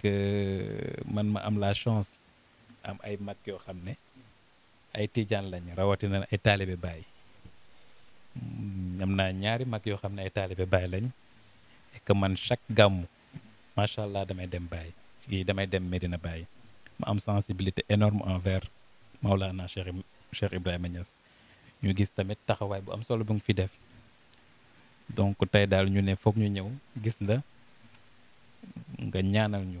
que man ma am la chance am ay mag yoo xam ne ay tijaan lañu rawatina ay taalibe baay am naa ñaari mag yoo xam ne ay taalibe baay lañ et que man chaque gàmmu macha allah damay dem baay yi damay dem Medina Baye ma am sensibilité énorme envers Maulana Cheikh Cheikh Ibrahima Niass ñu gis tamit taxawaay bu am solo bu ngi fi def donc tey daal ñu ne foog ñu ñëw gis la nga ñaanal ñu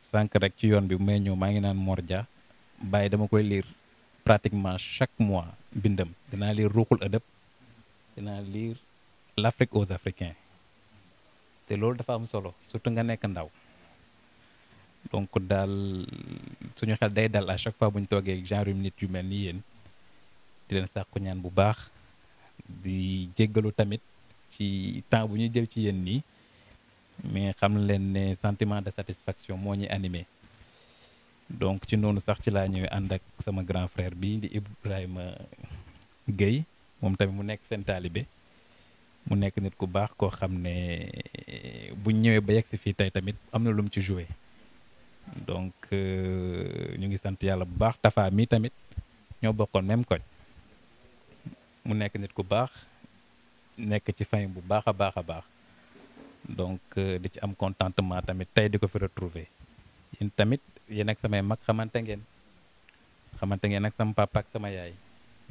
sànq rek ci yoon bi may ñëw maa ngi naan Mor Dia bàyyi dama koy liir pratiquement chaque mois mbindam dinaa liir ruuxul ëdëb dinaa lire l'Afrique aux Africains te loolu dafa am solo surtout nga nekk ndaw donc daal suñu xel day dal à chaque fois bu ñu toogee genre nit yu mel ni yéen di leen sàkku ñaan bu baax di jéggalu tamit ci temps bu ñuy jël ci yéen nii mais xam leen ne sentiment de satisfaction moo ñu animé donc ci noonu sax ci laa ñëwee ànd ak sama grand frère bi di Ibrahima gay moom tamit mu nekk seen taalibe mu nekk nit ku baax koo xam ne buñ ñëwee ba yegg si fii tey tamit am na lu mu ci joué donc euh, ñu ngi sant yàlla bu baax Tafa mi tamit ñoo bokkoon même koñ mu nekk nit ku baax nekk ci fayin bu baax a baax a baax. donc euh, di ci am contentement tamit tay diko fi retrouver yéen tamit yéen ak samay mak xamanté ngeen xamanté ngeen ak sama papa ak sama yaay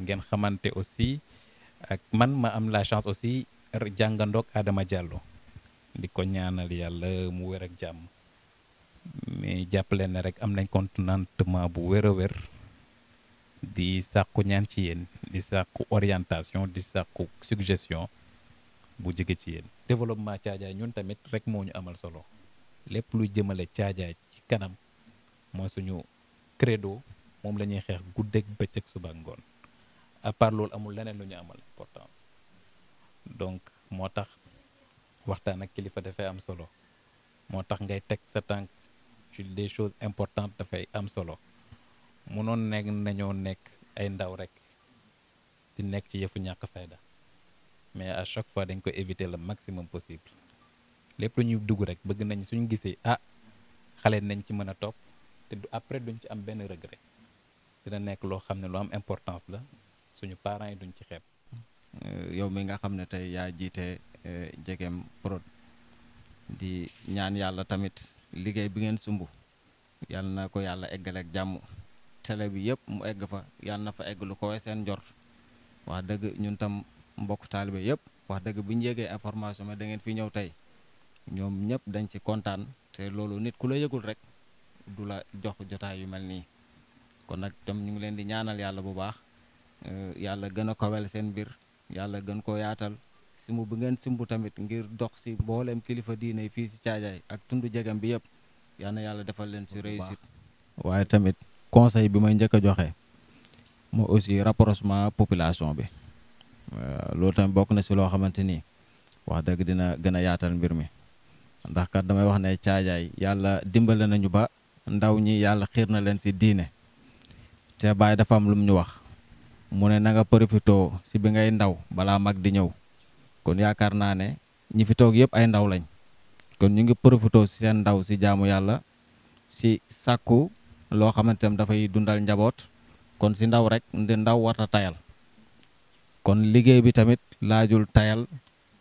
ngeen xamanté aussi ak man ma am la chance aussi jangandok Adama Diallo di ñaanal yalla mu wër ak jamm mais jàppale né rek am nañ contentement bu wër wër di sàkku ñaan ci yeen di sàkku orientation di sàkku suggestion bu jóge ci yéen développement caajaay ñun tamit rek moo ñu amal solo lépp luy jëmale caajaay ci kanam mooy suñu credo moom lañuy xeex guddeeg bëccëg suba ngoon à part loolu amul leneen lu ñu amal importance donc moo tax waxtaan ak kilifa dafay am solo moo tax ngay teg sa tànk ci des chose importante dafay am solo munoon nekk nañoo nekk ay ndaw rek di nekk ci yëfu ñàkk fayda mais à chaque fois dañ éviter le maximum possible lepp lu ñuy rek bëgg nañ suñu gisee ah xalé nañ ci mëna top té après duñ ci am regret dina nekk lo xamné am importance la suñu parents duñ ci euh, yow mi nga xamné tay euh, Prod di ñaan yalla tamit liggéey bi ngeen sumbu na ko yalla éggal ak jamm télé bi mu égg fa na fa égg lu ko mbokk taalibe yëpp wax dëgg bu ñu yégee information ma da ngeen fi ñëw tey ñoom ñëpp dañ ci kontaan te loolu nit ku la yëgul rek du la jox jotaay bi mel nii kon nag tam ñu ngi leen di ñaanal yàlla bu baax euh, yàlla gën a kowel seen mbir yàlla gën koo yaatal simb bu ngeen simbu tamit ngir dox si mboolem kilifa diine fii si caajaay ak tund jegam bi yëpp yal na yàlla defal leen si réussite. waaye tamit conseil bi may njëkk a joxe moo aussi rapprochement population bi. Eh, loolu tam bok na ci lo xamanteni wax deug dina gëna yaatal mbir mi ndax kat damay wax ne caajaay yàlla dimbale nañu ba ndaw ñi yalla na si diine te bay dafa am lu ñu wax mu ne na nga profito si bi ngay ndaw bala mag di ñew kon yaakar na ne ñi fi tok yeb ay ndaw lañ kon ñu ngi profito si sen ndaw si jaamu yalla, si sakku lo xamante da fay dundal njabot kon si ndaw rek ndaw warta tayal kon liggéey bi tamit laajul tayal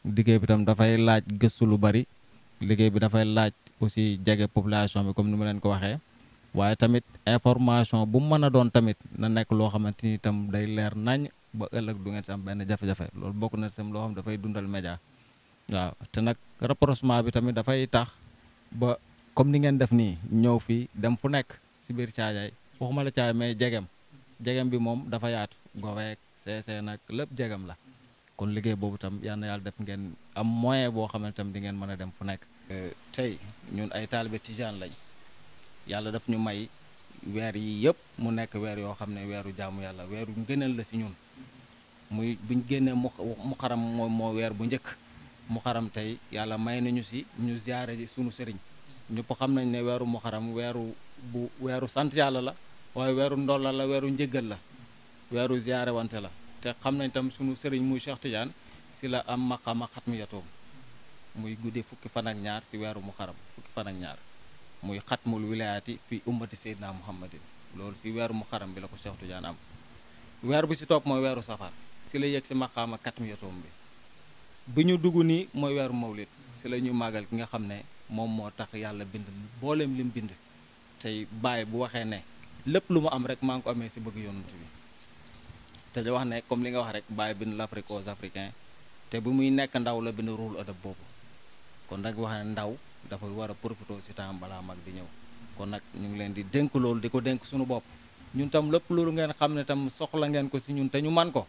liggéey bi tam dafay laaj gëstu lu bari liggéey bi dafay laaj aussi jege population bi comme ni ma leen ko waxee waaye tamit information bu mën a doon tamit na nekk loo xamante ni itam day leer nañ ba ëllëg du ngeen si benn jafe loolu bokk na si loo xam dafay dundal média waaw te nag rapprochement bi tamit dafay tax ba comme ni ngeen def nii ñëw fii dem fu nekk si biir caajaay waxuma la caay mais jegem jegem bi moom dafa yaatu goweek CEC nag lépp jegam la kon liggéey boobu tam yal yàlla def ngeen am moyen boo xamante tam di ngeen mën a dem fu nekk. tey ñun ay taalibe tijaan lañ yàlla def ñu may weer yi yëpp mu nekk weer yoo xam ne weeru jaamu yàlla weeru ngëneel la si ñun muy buñ génnee mu xaram moom moo weer bu njëkk mu xaram tey yàlla may nañu si ñu ziare ji sunu sëriñ ñëpp xam nañ ne weeru muxaram weeru bu weeru sant yàlla la waaye weeru ndolla la weeru njëgal la. weeru ziyaare wante la te xam nañ tam sunu sëriñ muy Cheikh Tidiane si la am maqama xatmiyatoom muy guddee fukki fan ak ñaar si weeru muxaram fukki fan ak ñaar muy xatmul wilayaati fi ummati seydina muhammadin loolu si weeru mu xaram bi la ko Cheikh Tidiane am weer bi si topp mooy weeru safar si la yegg si maqama xatmiyatoom bi bi ñu dugg nii mooy weeru mawlid si la ñuy màggal ki nga xam ne moom moo tax yàlla bind mbooleem lim bind tey bàyyi bu waxee ne lépp lu mu am rek maa ngi si bëgg yonent te di wax ne comme li muy nekk ndaw la bind ruul adab boobu kon nag wax ne ndaw dafa war a profité si temps balaa mag di ñëw kon nag ñu ngi leen di dénk loolu di ko dénk suñu bopp ñun tam lépp loolu ngeen xam ne tam soxla ngeen ko si ñun te man ko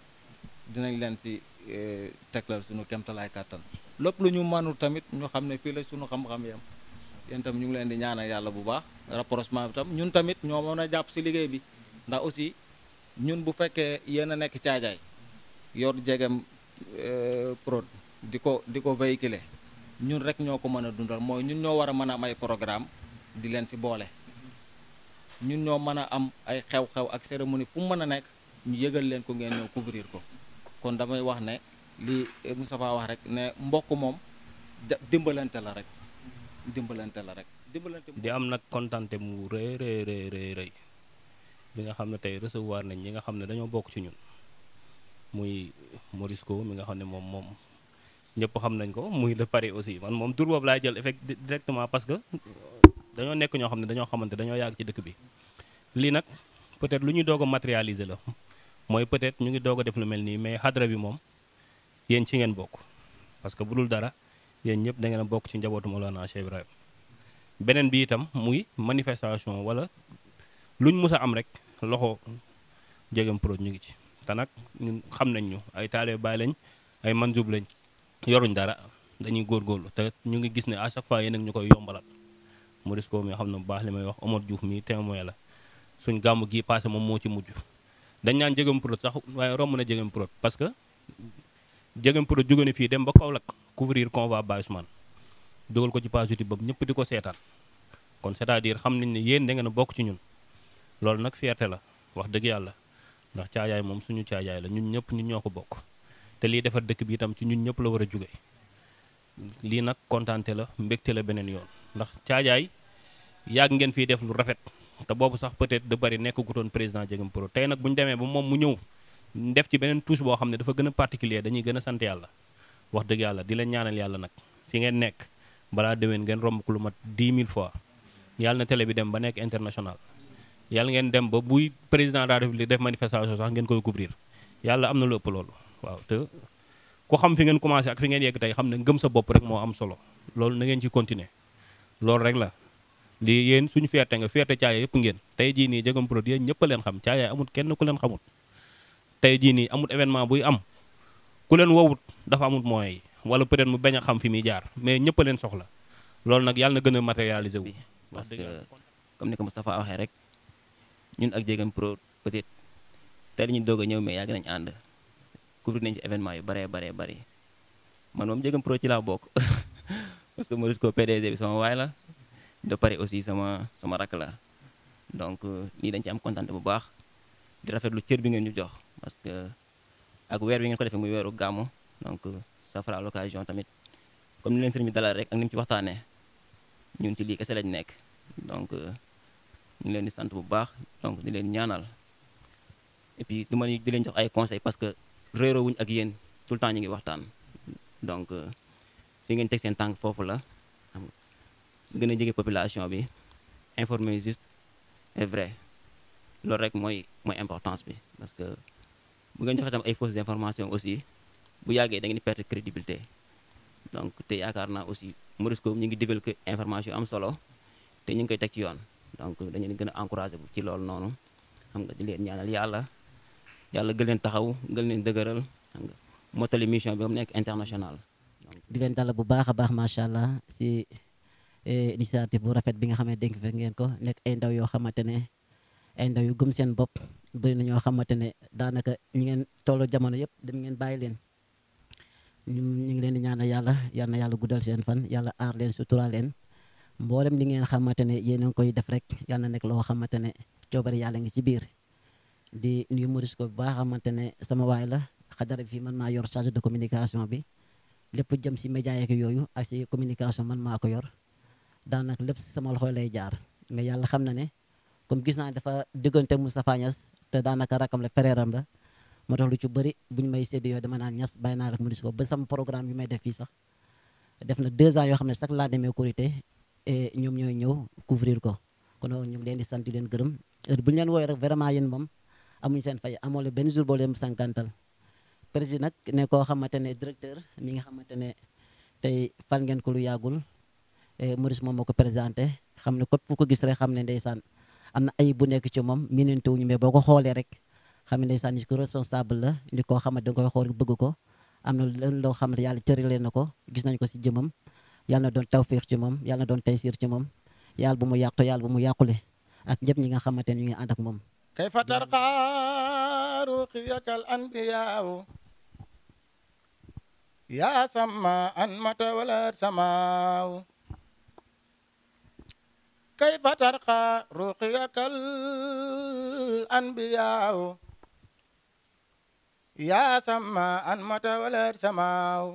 dinañ leen si eh, teglal sunu kemtalaay kàttan lépp lu ñu manul tamit ñu xam ne fii la suñu xam-xam yam yéen tam ñu ngi leen di ñaana yàlla bu baax rapprochement bi tamit ñoo mën a jàpp si liggéey bi ndax aussi ñun bu fekkee yéen a nekk caajaay yor jegem euh, prod di ko di ko véhiculer ñun rek ñoo ko mën a dundal mooy ñun ñoo war a mën a am ay programme di leen ci boole ñun ñoo mën a am ay xew-xew ak cérémonie fu mu mën a nekk ñu yëgal leen ko ngeen ñëw couvrir ko kon damay wax ne li Moustapha wax rek ne mbokk moom dimbalante la rek dimbalante la rek dimbalante di am nag kontante mu rëy rëy rëy rëy bi nga xam ne tey recevoir nañ ñi nga xam ne dañoo bokk ci ñun muy Morisco mi nga xam ne moom moom ñëpp xam nañ ko muy de Paris aussi man moom tur boobu laay jël effect directement parce que dañoo nekk ñoo xam ne dañoo xamante dañoo yàgg ci dëkk bi lii nag peut-être lu ñuy doog a matérialiser la mooy peut-être ñu ngi doog def lu mel nii mais xadra bi moom yéen ci ngeen bokk parce que bu dul dara yéen ñëpp da ngeen a bokk ci njabootu Mawlana Cheikh Ibrahim beneen bi itam muy manifestation wala luñ mus a am rek loxo Ndiéguène Prod ñu ngi ci te nag ñun xam nañ ñu ay taale baay lañ ay man jub lañ yoruñ dara dañuy góor góorgóorlu te ñu ngi gis ne à chaque fois yéen ñu koy yombalal Maurice Ko mi xam na bu baax li may wax Omar mii mi témoin la suñ gàmm gii passé moom moo ci mujj dañ naan Ndiéguène Prod sax waaye romb na Ndiéguène Prod parce que Ndiéguène Prod jóge na fii dem ba Kaolack couvrir convoi Baye Ousmane dugal ko ci page YouTube boobu ñëpp di ko seetaan kon c'est-à-dire xam nañ ne yéen da ngeen a bokk ci ñun loolu nag fierté la wax dëgg yàlla ndax caajaay moom suñu caajaay la ñun ñëpp ñu ñoo ko bokk te lii defar dëkk bi itam ci ñun ñëpp la war a jóge lii nag kontaante la mbégte la beneen yoon ndax caajaay yàgg ngeen fiy def lu rafet te boobu sax peut-être bari nekk doon président Diegueme Prod tey nag bu ñu demee ba moom mu ñëw def ci beneen touche boo xam ne dafa gën a particulier dañuy gën a sant yàlla wax dëgg yàlla di leen ñaanal yàlla nag fi ngeen nekk balaa déwén ngeen romb ku lu mat fois yàlla na télé dem ba nekk international yàlla ngeen dem ba buy président de la république def manifestation sax ngeen koy couvrir yàlla am na lu ëpp loolu waaw te ku xam fi ngeen commencé ak fi ngeen yegg tey xam ne ngëm sa bopp rek moo am solo loolu na ngeen ci loolu rek la lii yéen suñu fierté nga fierté caaya yëpp ngeen tey jii nii Diegane Prod yéen leen xam caaya amut kenn ku leen xamut tey jii nii amut événement buy am ku leen wowut dafa amut moyens yi wala peut-être mu bañ a xam fi muy jaar mais ñëpp leen soxla loolu nag yàlla na gën a matérialiser wu. parce que comme ni ko Moustapha waxee rek. ñun ak Dieguene Pro peut-être tey ñu doog a ñëw mais yàgg nañ ànd couvrir nañ ci événement yu baree baree bari man moom Dieguene Pro ci la bokk parce que Maurice ko PDG bi sama waay la de pare aussi sama sama rakk la donc lii euh, dañ ci am kontaan bu baax di rafetlu cër bi ngeen ñu jox parce que ak weer bi ngeen ko defee muy weeru gàmmu donc euh, ça fera tamit comme ni leen sëriñ bi dalal rek ak ni mu ci waxtaanee ñun ci lii kese lañ nekk donc. Euh, ñu leen di sant bu baax donc di leen ñaanal et puis du ma di leen jox ay conseils parce que réeroo wuñ ak yéen tout le temps ñu ngi waxtaan donc euh, fi ngeen teg seen tànk foofu la xam gën a jege population bi informer juste est vrai loolu rek mooy mooy importance bi parce que bu ngeen joxe tam ay fausses informations aussi bu yàggee da ngeen di perte crédibilité donc te yaakaar naa aussi Morisco ñu ngi développé information am solo te ñu ngi koy teg ci yoon. donc dañu leen gën a encourager ci lool nonu xam nga di leen ñaanal yalla yalla gën leen taxaw gën leen dëgeural xam nga motali mission bi am nek international. di gën dal bu baaxa baax ma sha allah ci eh, initiative bu rafet bi nga xamé denk fek ngeen ko nek ay ndaw yo xamantene ay ndaw yu gëm seen bop bari na ñoo xamantene ne daanaka ñi ngeen tolo jamono yëpp dem ngeen bayi leen. ñu ngi leen di ñaanal yalla yalla yalla guddal seen fan yalla ar leen sutura leen. mboolem li ngeen xamante ne yéen a koy def rek yàlla na nekk loo xamante ne coobare yàlla ngi ci biir di nuyu Maurice ko bu baax xamante ne sama waay la xadara bi fii man maa yor charge de communication bi lépp jëm si média yeeg yooyu ak si communication man maa ko yor daanaka lépp sama loxo lay jaar mais yàlla xam na ne comme gis naa dafa diggante Moustapha Niass te daanaka rakam la frère am la moo tax lu ci bëri buñ may sedd yooyu dama naan ñas bay naa la Maurice ko ba sama programme bi may def fii sax def na deux ans yoo xam ne sax laa demee Korité Eh, ñoom ñooy ñëw couvrir ko kon ñu leen di sant di leen gërëm heure bu ñu leen woowee rek vraiment yéen moom amuñu seen fay amoo leen benn jour boo leen sànkantal ne koo xamante ne directeur mi nga xamante ne tey ngeen ko lu yàggul eh, Maurice moom moo ko présenté xam ne képp ku ko gis rek xam ne saan am na ay bu nekk ci moom miinante ñu mais boo ko xoolee rek xam ne ndeysaan ni ko responsable la ni koo xamante da nga koy xool bëgg ko am na leen loo xam ne yàlla cëralee na ko gis nañ ko si jëmam yàlla na doon tawfiix ci moom yàlla na doon taysiir ci moom yàlla bu mu yàqu yàlla bu mu yàqule ak ñëpp ñi nga xamante ne ñu ngi ànd ak moom kayfa tarqaa ruqiyaka al anbiyaa yaa sama an mata wala sama an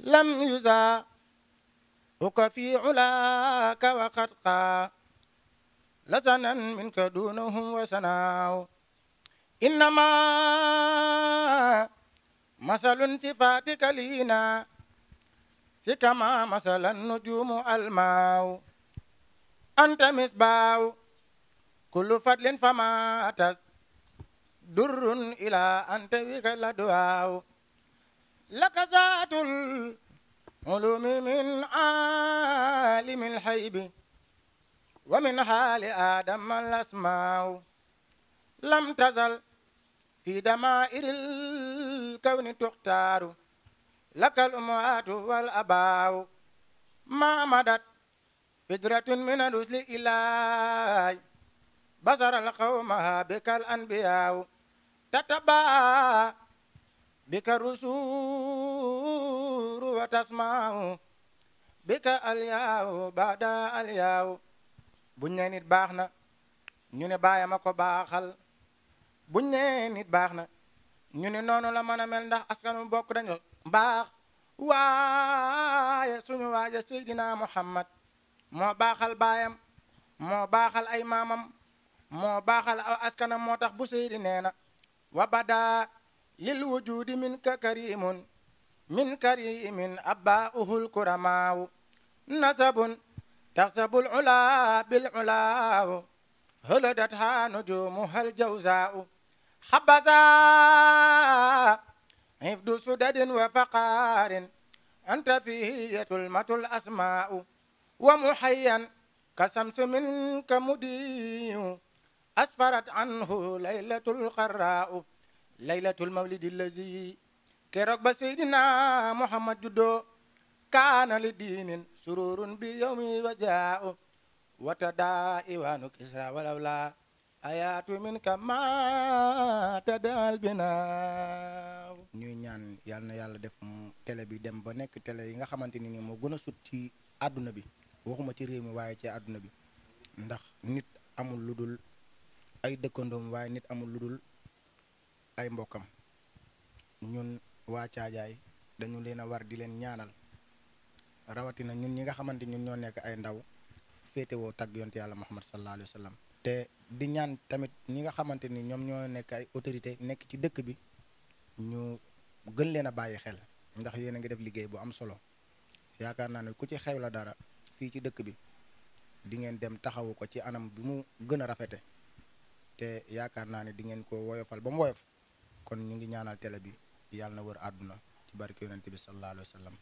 لم يزا أك في علاك وقد قا لسنا منك دونهم وسناو إنما مثل صفاتك لينا سكما مثل النجوم الماو أنت مصباو كل فضل فما تس در إلى أنت وكلا دعاو لك ذات العلوم من عالم الحيب ومن حال آدم الأسماء لم تزل في دمائر الكون تختار لك الأمهات والأباء ما مدت فجرة من الرسل إلى بصر القوم بك الأنبياء تتبع بك الرسول وتسمع بك الياو بعد الياو buñ nee nit baax na ñu ne baayam a ko baaxal buñ nee nit baax na ñu ne noonu la a mel ndax askanu bokk dañu baax waaye suñu waaja seydina muhammad moo baaxal baayam moo baaxal ay maamam moo baaxal askanam moo tax bu seydi nee na wa badaa للوجود منك كريم من كريم أباؤه الكرماء نسب تغسب العلا بالعلا هلدتها نجومها الجوزاء حبذا عفد سدد وفقار أنت فيه تلمة الأسماء ومحيا كسمس منك مدي أسفرت عنه ليلة القراء laylatul mawlidi lazi keroog ba seydina muhammad juddoo kaana li diinin sururun bi yawmi wajaa'u wata daa iwaanu kisra walawla ayaatu min kama tadaal binaaw ñuy ñaan yal na yàlla def mu télé bi dem ba nekk tele yi nga xamante ni moo gën a sut ci àdduna bi waxuma ci réew mi waaye ci àdduna bi ndax nit amul lu ay dëkkandoom waaye nit amul lu dul ay mbokkam ñun waa Caajaay dañu leen a war di leen ñaanal rawatina ñun ñi nga xamante ñun ñoo nekk ay ndaw féetewoo tagg yonte yàlla Muhammad sallallahu alayhi wa sallam te di ñaan tamit ñi nga xamante ni ñoom ñoo nekk ay autorité nekk ci dëkk bi ñu gën leen a bàyyi xel ndax yéen a ngi def liggéey bu am solo yaakaar naa ne ku ci xew la dara fii ci dëkk bi di ngeen dem taxawu ko ci anam bi mu gën a rafete te yaakaar naa ne di ngeen ko woyofal ba mu woyof kon ñu ngi ñaanal télé bi yàlla na wër àdduna ci barke yonent bi sallallahu alayhi wa sallam